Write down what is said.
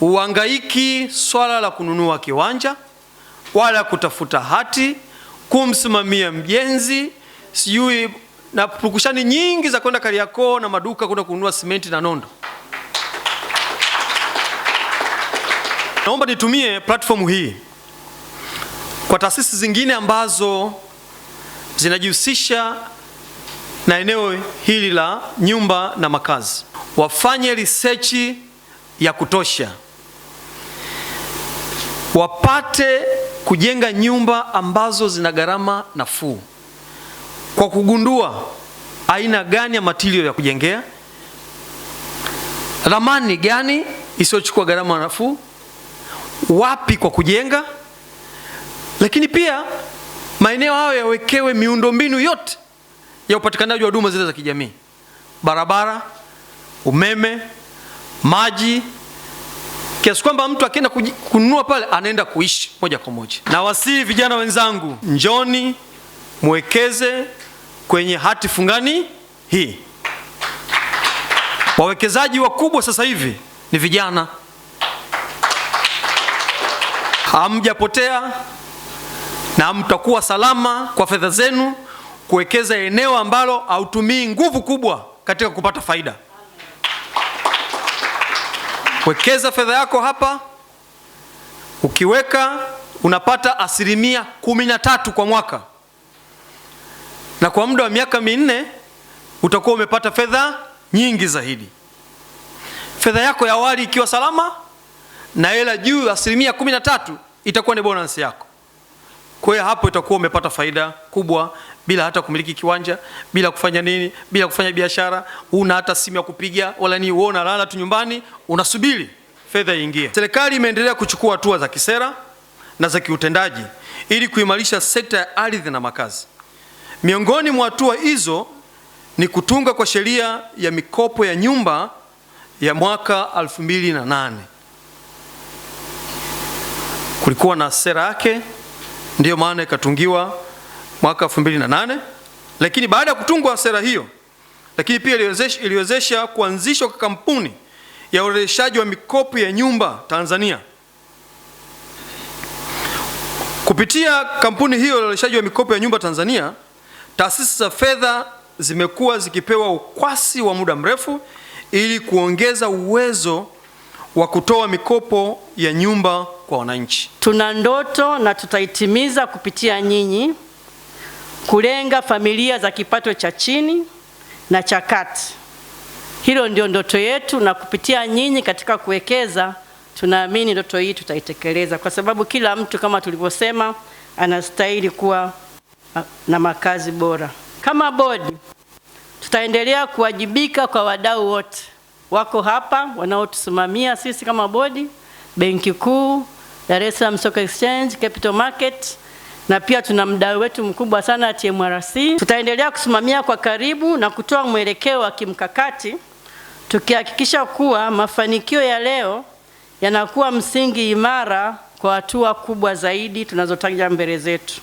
uangaiki swala la kununua kiwanja wala kutafuta hati, kumsimamia mjenzi, sijui na pukushani nyingi za kwenda Kariakoo na maduka kwenda kununua simenti na nondo. Naomba nitumie platform hii kwa taasisi zingine ambazo zinajihusisha na eneo hili la nyumba na makazi, wafanye research ya kutosha wapate kujenga nyumba ambazo zina gharama nafuu kwa kugundua aina gani ya matilio ya kujengea, ramani gani isiyochukua gharama nafuu, wapi kwa kujenga, lakini pia maeneo hayo yawekewe miundombinu yote ya upatikanaji wa huduma zile za kijamii: barabara, umeme, maji kiasi kwamba mtu akienda kununua pale anaenda kuishi moja kwa moja. Na vijana wenzangu, njoni mwekeze kwenye hati fungani hii. Wawekezaji wakubwa sasa hivi ni vijana. Hamjapotea na mtakuwa salama kwa fedha zenu kuwekeza eneo ambalo hautumii nguvu kubwa katika kupata faida. Wekeza fedha yako hapa, ukiweka unapata asilimia kumi na tatu kwa mwaka, na kwa muda wa miaka minne utakuwa umepata fedha nyingi zaidi. Fedha yako ya awali ikiwa salama na hela juu asilimia kumi na tatu itakuwa ni bonus yako. Kwa hiyo hapo itakuwa umepata faida kubwa bila hata kumiliki kiwanja, bila kufanya nini, bila kufanya biashara, una hata simu ya kupiga wala ni uona lala tu nyumbani unasubiri fedha iingie. Serikali imeendelea kuchukua hatua za kisera na za kiutendaji ili kuimarisha sekta ya ardhi na makazi. Miongoni mwa hatua hizo ni kutunga kwa sheria ya mikopo ya nyumba ya mwaka 2008. Kulikuwa na sera yake Ndiyo maana ikatungiwa mwaka 2008 lakini baada ya kutungwa sera hiyo, lakini pia iliwezesha kuanzishwa kwa kampuni ya urejeshaji wa mikopo ya nyumba Tanzania. Kupitia kampuni hiyo ya urejeshaji wa mikopo ya nyumba Tanzania, taasisi za fedha zimekuwa zikipewa ukwasi wa muda mrefu ili kuongeza uwezo wa kutoa mikopo ya nyumba kwa wananchi. Tuna ndoto na tutaitimiza kupitia nyinyi, kulenga familia za kipato cha chini na cha kati. Hilo ndio ndoto yetu, na kupitia nyinyi katika kuwekeza, tunaamini ndoto hii tutaitekeleza, kwa sababu kila mtu kama tulivyosema anastahili kuwa na makazi bora. Kama bodi tutaendelea kuwajibika kwa wadau wote wako hapa wanaotusimamia sisi kama bodi, Benki Kuu, Dar es Salaam Stock Exchange, Capital Market na pia tuna mdau wetu mkubwa sana TMRC. Tutaendelea kusimamia kwa karibu na kutoa mwelekeo wa kimkakati tukihakikisha kuwa mafanikio ya leo yanakuwa msingi imara kwa hatua kubwa zaidi tunazotaja mbele zetu.